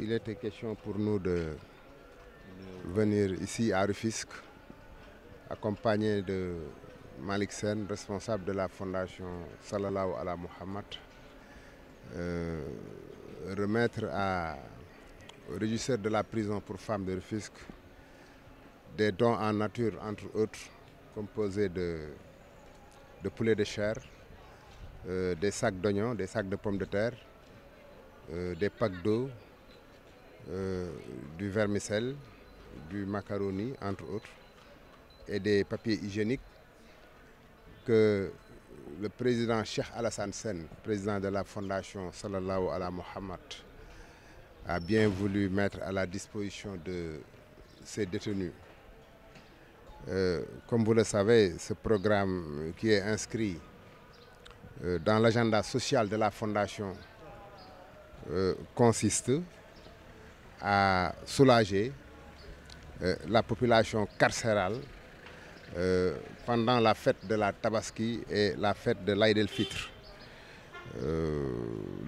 Il était question pour nous de venir ici à Rufisque, accompagner de Malik Sen, responsable de la fondation Salallahu Ala Muhammad, euh, remettre à, au de la prison pour femmes de Rufisque des dons en nature, entre autres, composés de, de poulet de chair, euh, des sacs d'oignons, des sacs de pommes de terre, euh, des packs d'eau, euh, du vermicelle, du macaroni, entre autres, et des papiers hygiéniques que le président Cheikh Alassane Sen, président de la fondation Sallallahu ala Muhammad, a bien voulu mettre à la disposition de ses détenus. Euh, comme vous le savez, ce programme qui est inscrit euh, dans l'agenda social de la fondation euh, consiste à soulager euh, la population carcérale euh, pendant la fête de la Tabaski et la fête de l'Aïd el Fitr. Euh,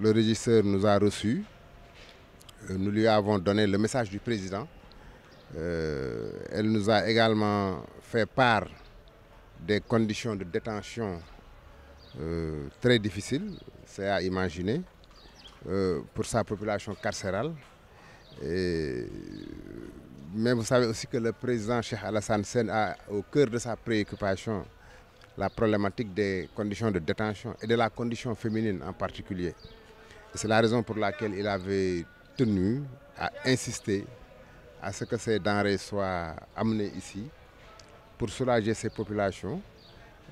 le régisseur nous a reçus. Euh, nous lui avons donné le message du président. Euh, elle nous a également fait part des conditions de détention très difficiles, c'est à imaginer, pour sa population carcérale. Et... Mais vous savez aussi que le président Cheikh Alassane Sène a au cœur de sa préoccupation la problématique des conditions de détention et de la condition féminine en particulier. C'est la raison pour laquelle il avait tenu à insister à ce que ces denrées soient amenées ici pour soulager ces populations,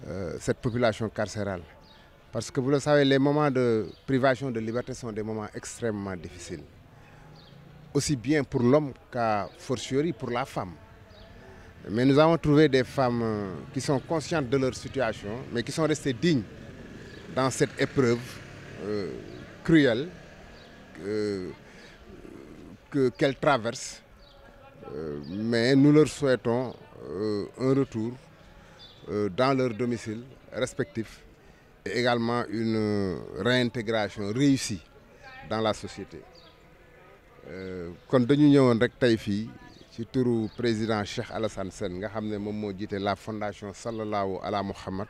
euh, cette population carcérale. Parce que vous le savez, les moments de privation de liberté sont des moments extrêmement difficiles. aussi bien pour l'homme qu'à fortiori pour la femme. Mais nous avons trouvé des femmes euh, qui sont conscientes de leur situation, mais qui sont restées dignes dans cette épreuve euh, cruelle euh, que qu'elles traversent. Euh, mais nous leur souhaitons euh, un retour euh, dans leur domicile respectif et également une réintégration réussie dans la société. Euh, kon dañu ñëwoon rek tey fii ci turu président Cheikh Alassane Sène nga xam ne moom moo jiite la fondation Sallallahu ala Muhammad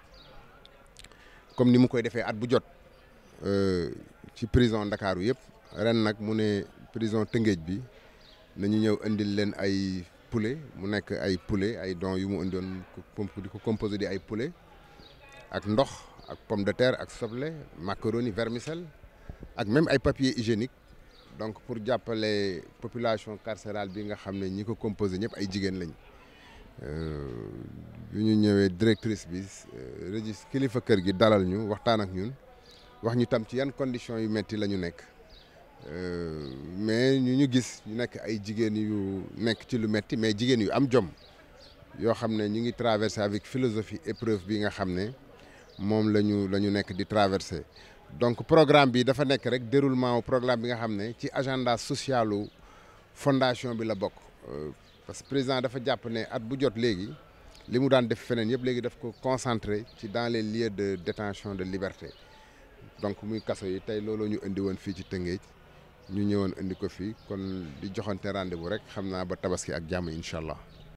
comme ni mu koy defee at bu jot euh, ci prison Ndakaaru yëpp ren nag mu ne prison Tëngéej bi nañu ñëw indil leen ay poulet mu nekk ay poulet ay dons yu mu indoon di ko composé di ay poulet ak ndox ak pomme de terre ak soble macaroni vermicelle ak même ay papier hygiénique donc pour jàppale population carcérale bi nga xam ne ñi ko composé ñëpp ay jigéen lañ yu euh, ñu ñëwee directrice bi euh, registre kilifa kër gi dalal ñu waxtaan ak ñun wax ñu tam ci yan conditions yu metti la ñu nekk euh, mais ñu ñu gis ñu nekk ay jigéen yu nekk ci lu metti mais jigéen yu am jom yoo xam ne ñu ngi traversé avec philosophie épreuve bi nga xam ne moom la ñu la ñu nekk di traversé donc programme bi dafa nekk rek déroulement wu programme bi nga xam ne ci agenda socialu fondation bi la bokk euh, parce que président dafa jàpp ne at bu jot léegi li mu daan def feneen yëpp léegi daf ko concentré ci dans les lieux de détention de liberté donc muy kaso yi tey looloo ñu indi woon fii ci Tëngéej ñu ñëwoon indi ko fii kon di joxante rendez bu rek xam naa ba tabaski ak jàmm incha allah